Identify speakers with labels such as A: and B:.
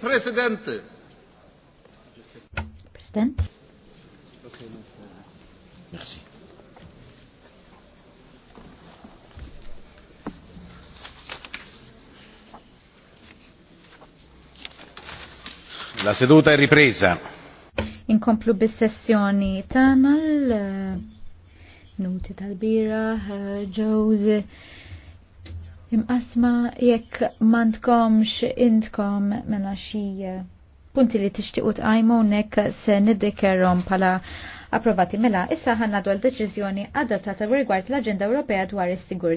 A: President. Merci.
B: La seduta è ripresa.
C: In bis-sessjoni eh, nuti talbira, bira eh, imqasma jekk mandkomx intkom mela xi eh, punti li tixtiqu tqajmu nek se niddikerom pala approvati mela issa ħanna dwar deċiżjoni adottata rigward l-Aġenda Ewropea dwar is-sigur